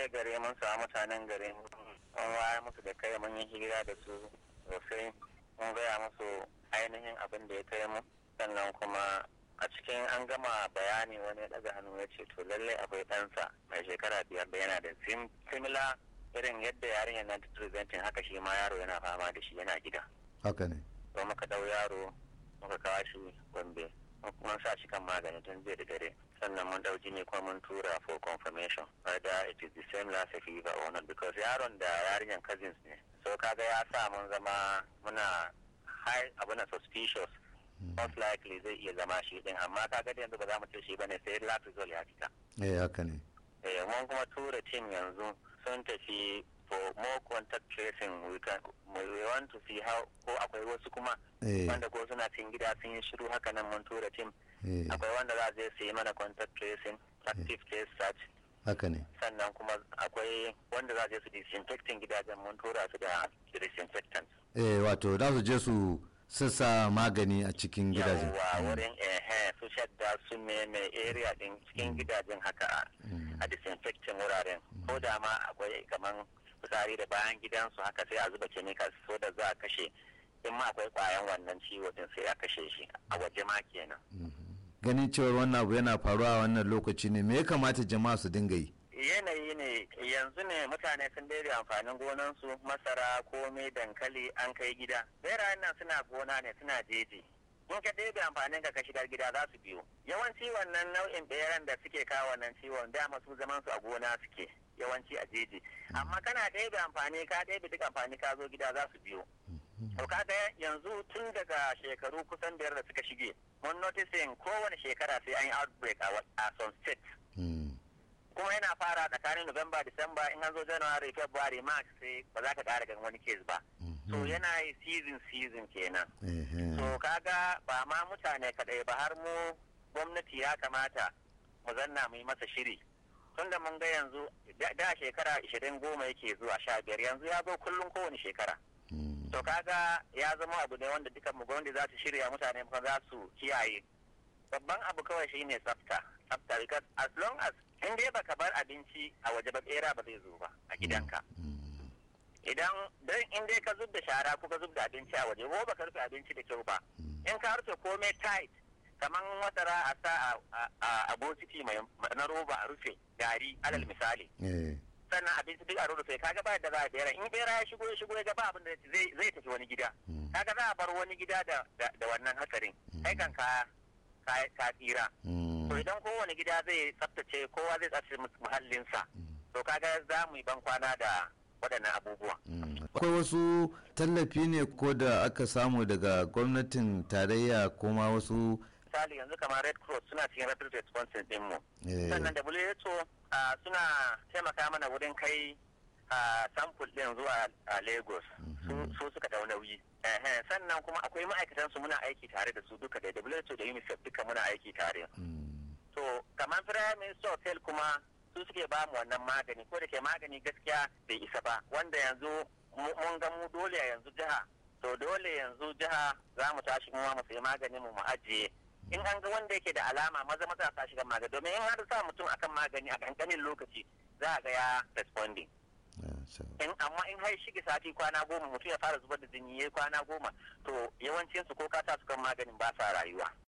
ya gare mun samu mutanen gare mun waya musu da kai mun yi hira da su sosai mun gaya musu ainihin abin da ya kai mu sannan kuma a cikin an gama bayani wani daga hannu ya ce to lallai akwai ɗansa mai shekara biyar da yana da simila irin yadda yarinyar na presenting haka shi ma yaro yana fama da shi yana gida haka ne to muka dau yaro muka kawo shi gombe kuma sa shi kan magani tun zai da dare sannan mun dauki ne kuma mun tura for confirmation whether it is the same lassa fever or not because yaron da yarinyar cousins ne so kaga ya sa mun zama muna high abuna suspicious hmm. most likely zai iya zama shi din amma kaga yanzu ba za mu ce shi bane sai lab result ya fita eh haka ne eh mun kuma tura team yanzu sun tafi for more contact tracing we can we want to see how ko akwai wasu kuma eh. wanda ko suna cin gida sun yi shiru haka nan mun tura team eh. akwai wanda za zai su yi mana contact tracing active eh. case search haka ne sannan kuma akwai wanda za je su disinfecting gidajen mun tura su da disinfectant eh wato za su je su sassa magani a cikin gidajen yawa wurin ehe su shadda su meme area din cikin mm. gidajen haka a mm. disinfecting wuraren ko mm. da ma akwai kaman fitsari da bayan gidansu haka sai a zuba chemicals so da za a kashe in ma akwai kwayan wannan ciwo din sai a kashe shi a waje ma kenan mm-hmm. ganin cewar wannan abu yana faruwa wannan lokaci ne me ya kamata jama'a su dinga yi yanayi ne yanzu ne mutane sun daidai amfanin su masara komai dankali an kai gida berayen nan suna gona ne suna jeji in ka daidai amfanin ka shigar gida za su biyo yawanci wannan nau'in beran da suke kawo wannan ciwon dama su zaman su a gona suke yawanci a jeji mm. amma kana ɗebe amfani ka ɗebe duk amfani ka zo gida za su biyo mm-hmm. to kaga yanzu tun daga shekaru kusan biyar da suka shige mun noticing kowane shekara sai an yi outbreak a some state mm. kuma yana fara tsakanin November, December in an zo January, February, March sai ba za ka ƙara ganin wani case ba. So mm-hmm. yana yi season season kenan. So kaga ba ma mutane kaɗai ba har mu gwamnati ya kamata mu zanna mu yi masa shiri. tun mun ga yanzu da shekara ishirin goma yake zuwa sha biyar yanzu ya zo kullum kowane shekara hmm. to kaga ya zama abu ne wanda duka mu gwamnati za su shirya mutane kuma za su kiyaye babban abu kawai shine tsafta tsafta because as long as in dai baka bar abinci a waje ba bera ba zai zo ba a gidanka hmm. Hmm. idan don in dai ka zub shara ko ka zub abinci a waje ko baka rufe abinci da kyau ba in ka rufe komai tight kaman madara a sa a bokiti mai na roba a rufe gari alal misali eh. sannan abinci duk a rufe kaga ba da za a bera in bera ya shigo ya shigo ya gaba abin da zai tafi wani gida hmm. kaga za a bar wani gida da wannan hatsarin hmm. kai kan ka ka tsira hmm. to idan kowane gida zai tsaftace kowa zai tsaftace muhallinsa to kaga za mu yi ban kwana da waɗannan abubuwa. Akwai wasu tallafi ne ko da aka samu daga gwamnatin tarayya ko ma wasu misali yanzu kamar red cross suna cikin rapid response din mu eh. sannan who suna taimaka mana wurin kai sample din zuwa lagos su mhm. suka da nauyi sannan kuma akwai ma'aikatan su muna aiki tare da su duka da who da unicef duka muna aiki tare mm. to kamar prime minister hotel kuma su suke ba mu wannan magani ko da ke magani gaskiya bai isa ba wanda yanzu mun ga mu dole yanzu jiha to dole yanzu jiha za mu tashi kuma mu sayi maganin mu mu ajiye in an ga wanda yake da alama maza maza a shiga magani domin in har sa mutum akan magani a kankanin lokaci za a ga ya responding in amma in har shige sati kwana goma mutum ya fara zubar da jini ya kwana goma to yawancin su ko kata su kan maganin ba sa rayuwa